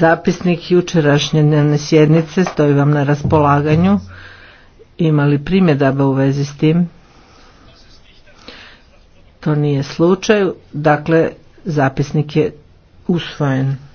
Zapisnik jučerašnje dnevne sjednice stoji vam na raspolaganju. Ima li primjedaba u vezi s tim? To nije slučaj. Dakle, zapisnik je usvojen.